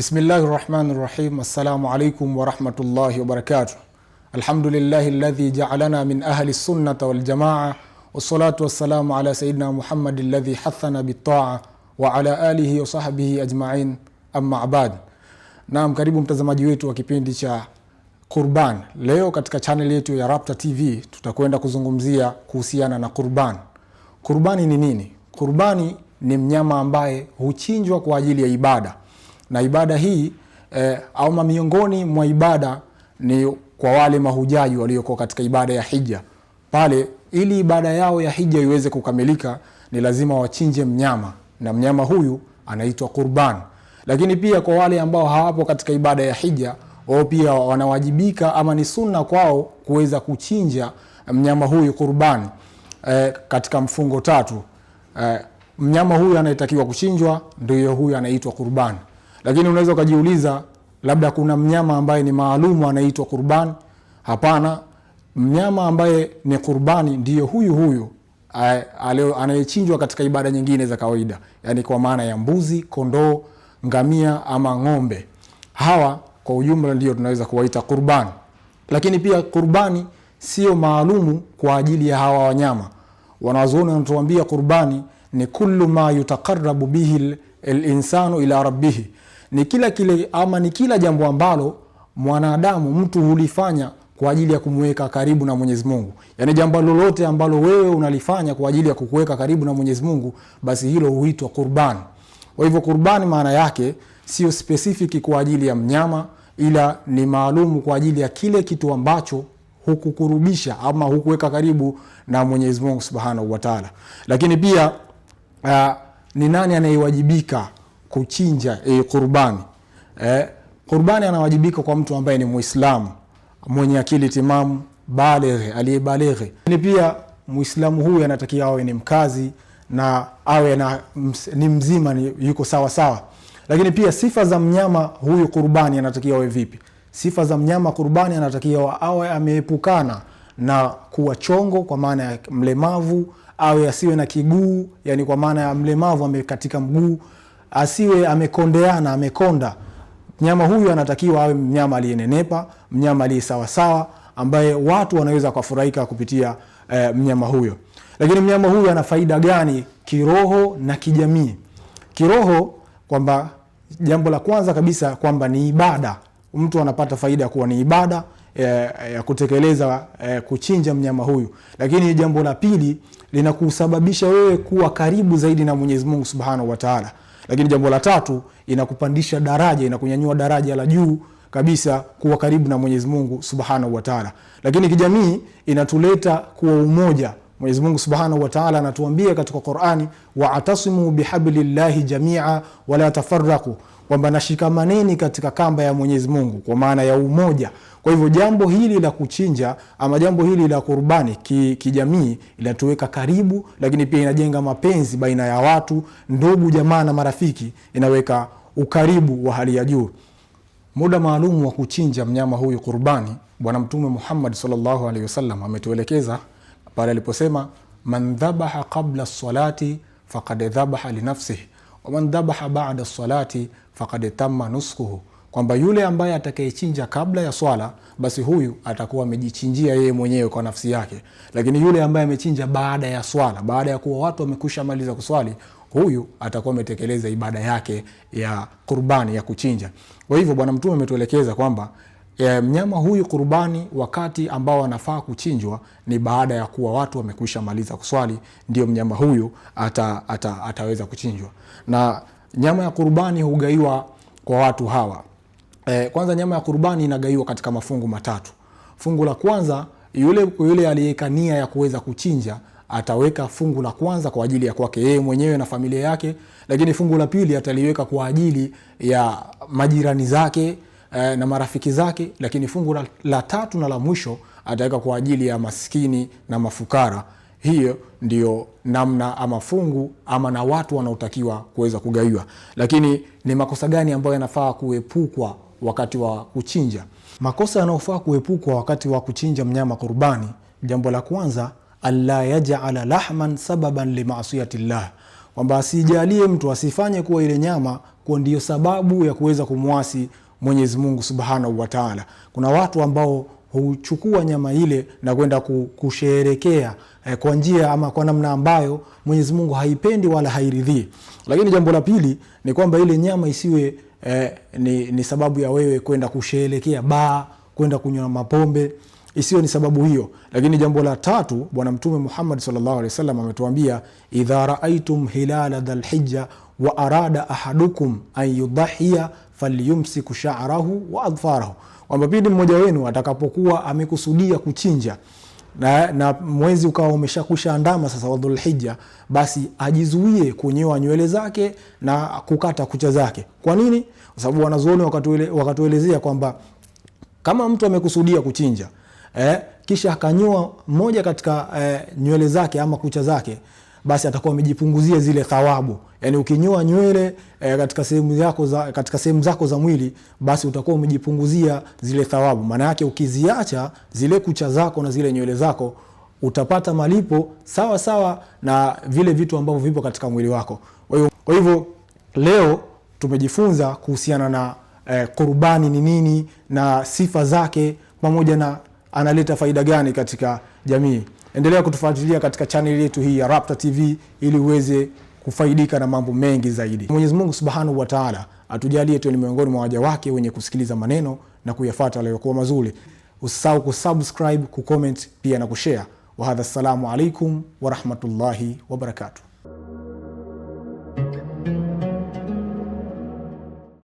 Bismillahi rahmani rahim. Assalamu alaikum warahmatullahi wabarakatuh. Alhamdulillahi ladhi jaalana min ahli sunnata waljamaa wassalatu wassalamu ala sayidina Muhammadi ladhi hathana bitaa wa ala alihi wasahbihi ajmain amma abad Naam, karibu mtazamaji wetu wa kipindi cha Qurban. Leo katika chaneli yetu ya Rapta TV tutakwenda kuzungumzia kuhusiana na Qurban. Qurbani ni nini? Qurbani ni mnyama ambaye huchinjwa kwa ajili ya ibada na ibada hii e, eh, ama miongoni mwa ibada ni kwa wale mahujaji walioko katika ibada ya hija pale. Ili ibada yao ya hija iweze kukamilika, ni lazima wachinje mnyama, na mnyama huyu anaitwa qurban. Lakini pia kwa wale ambao hawapo katika ibada ya hija, wao pia wanawajibika ama ni sunna kwao kuweza kuchinja mnyama huyu qurban e, eh, katika mfungo tatu e, mnyama huyu anayetakiwa kuchinjwa ndio huyu anaitwa qurban. Lakini unaweza ukajiuliza labda kuna mnyama ambaye ni maalumu anaitwa kurbani. Hapana, mnyama ambaye ni kurbani ndiyo huyu huyu anayechinjwa katika ibada nyingine za kawaida, yani kwa maana ya mbuzi, kondoo, ngamia ama ng'ombe. Hawa kwa ujumla ndio tunaweza kuwaita kurbani. Lakini pia kurbani sio maalumu kwa ajili ya hawa wanyama. Wanazuoni wanatuambia kurbani ni kullu ma yutakarabu bihi linsanu ila rabbihi ni kila kile ama ni kila jambo ambalo mwanadamu mtu hulifanya kwa ajili ya kumweka karibu na Mwenyezi Mungu. Yaani jambo lolote ambalo wewe unalifanya kwa ajili ya kukuweka karibu na Mwenyezi Mungu, basi hilo huitwa kurban. Kwa hivyo kurban maana yake sio specific kwa ajili ya mnyama, ila ni maalumu kwa ajili ya kile kitu ambacho hukukurubisha ama hukuweka karibu na Mwenyezi Mungu Subhanahu wa Ta'ala. Lakini pia uh, ni nani anayewajibika kuchinja e, eh, kurbani e, eh, kurbani anawajibika kwa mtu ambaye ni Muislamu mwenye akili timamu balighi, aliyebalighi. Ni pia Muislamu huyu anatakiwa awe ni mkazi na awe na ni mzima ni, yuko sawa sawa. Lakini pia sifa za mnyama huyu kurbani anatakiwa awe vipi? Sifa za mnyama kurbani anatakiwa awe ameepukana na kuwa chongo kwa maana ya mlemavu, awe asiwe na kiguu, yani kwa maana ya mlemavu amekatika mguu asiwe amekondeana, amekonda. Mnyama huyu anatakiwa awe mnyama aliyenenepa, mnyama aliye aliyesawasawa, ambaye watu wanaweza kufurahika kupitia eh, mnyama huyo. Lakini mnyama huyu ana faida gani kiroho na kijamii? Kiroho kwamba jambo la kwanza kabisa kwamba ni ibada, mtu anapata faida kuwa ni ibada eh, eh, ya e, e, kutekeleza e, kuchinja mnyama huyu. Lakini jambo la pili linakusababisha wewe kuwa karibu zaidi na Mwenyezi Mungu Subhanahu wa Ta'ala. Lakini jambo la tatu, inakupandisha daraja, inakunyanyua daraja la juu kabisa kuwa karibu na Mwenyezi Mungu Subhanahu wa Ta'ala. Lakini kijamii inatuleta kuwa umoja. Mwenyezi Mungu Subhanahu wa Ta'ala anatuambia katika Qur'ani, wa atasimu bihablillahi jamia wala tafarraqu kwamba nashikamaneni katika kamba ya Mwenyezi Mungu kwa maana ya umoja. Kwa hivyo jambo hili la kuchinja ama jambo hili la kurbani kijamii ki inatuweka karibu, lakini pia inajenga mapenzi baina ya watu, ndugu, jamaa na marafiki, inaweka ukaribu wa hali ya juu. Muda maalum wa kuchinja mnyama huyu kurbani, Bwana Mtume Muhammad sallallahu alaihi wasallam ametuelekeza pale aliposema, man dhabaha qabla salati faqad dhabaha linafsihi waman dhabaha bada salati fakad tamma nuskuhu, kwamba yule ambaye atakayechinja kabla ya swala basi huyu atakuwa amejichinjia yeye mwenyewe kwa nafsi yake, lakini yule ambaye amechinja baada ya swala, baada ya kuwa watu mali maliza kuswali huyu atakuwa ametekeleza ibada yake ya kurbani ya kuchinja. Kwa hivyo Bwana Mtume ametuelekeza kwamba ya mnyama huyu kurubani wakati ambao anafaa kuchinjwa ni baada ya kuwa watu wamekwisha maliza kuswali, ndio mnyama huyu ata, ata, ataweza kuchinjwa. Na nyama ya kurubani hugaiwa kwa watu hawa e, kwanza nyama ya kurbani inagaiwa katika mafungu matatu. Fungu la kwanza yule, yule aliyeka nia ya kuweza kuchinja ataweka fungu la kwanza kwa ajili ya kwake yeye mwenyewe na familia yake, lakini fungu la pili ataliweka kwa ajili ya majirani zake eh, na marafiki zake, lakini fungu la, la tatu na la mwisho ataweka kwa ajili ya maskini na mafukara. Hiyo ndio namna ama fungu ama na watu wanaotakiwa kuweza kugaiwa. Lakini ni makosa gani ambayo yanafaa kuepukwa wakati wa kuchinja? Makosa yanayofaa kuepukwa wakati wa kuchinja mnyama kurbani, jambo la kwanza, alla yajala lahman sababan limasiyati llah, kwamba asijalie mtu asifanye kuwa ile nyama kuwa ndiyo sababu ya kuweza kumwasi Mwenyezi Mungu Subhanahu wa Ta'ala. Kuna watu ambao huchukua nyama ile na kwenda kusherekea eh, kwa njia ama kwa namna ambayo Mwenyezi Mungu haipendi wala hairidhii. Lakini jambo la pili ni kwamba ile nyama isiwe eh, ni, ni sababu ya wewe kwenda kusherekea baa, kwenda kunywa mapombe isiyo ni sababu hiyo. Lakini jambo la tatu, Bwana Mtume Muhammad sallallahu alaihi wasallam ametuambia, idha raaitum hilala dhal wa arada ahadukum an yudahia falyumsiku sha'rahu wa adfarahu, kwamba pindi mmoja wenu atakapokuwa amekusudia kuchinja na, na mwezi ukawa umeshakwisha andama sasa wa Dhulhijja, basi ajizuie kunyoa nywele zake na kukata kucha zake. Kwa nini? Kwa sababu wanazuoni wakatuelezea kwamba kama mtu amekusudia kuchinja eh, kisha akanyoa moja katika eh, nywele zake ama kucha zake basi atakuwa amejipunguzia zile thawabu. Yani ukinyoa nywele e, katika sehemu zako za katika sehemu zako za mwili, basi utakuwa umejipunguzia zile thawabu. Maana yake ukiziacha zile kucha zako na zile nywele zako utapata malipo sawa sawa na vile vitu ambavyo vipo katika mwili wako. Kwa hivyo leo tumejifunza kuhusiana na e, eh, kurbani ni nini na sifa zake pamoja na analeta faida gani katika jamii. Endelea kutufuatilia katika chaneli yetu hii ya Rapta TV ili uweze kufaidika na mambo mengi zaidi. Mwenyezi Mungu Subhanahu wa Ta'ala atujalie tu ni miongoni mwa waja wake wenye kusikiliza maneno na kuyafuata aliyokuwa mazuri. Usisahau kusubscribe, kucomment pia na kushare. Wahadha, assalamu alaikum warahmatullahi wabarakatuh.